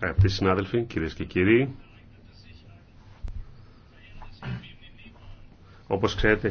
Αγαπητοί συνάδελφοι, κυρίε και κύριοι, όπω ξέρετε,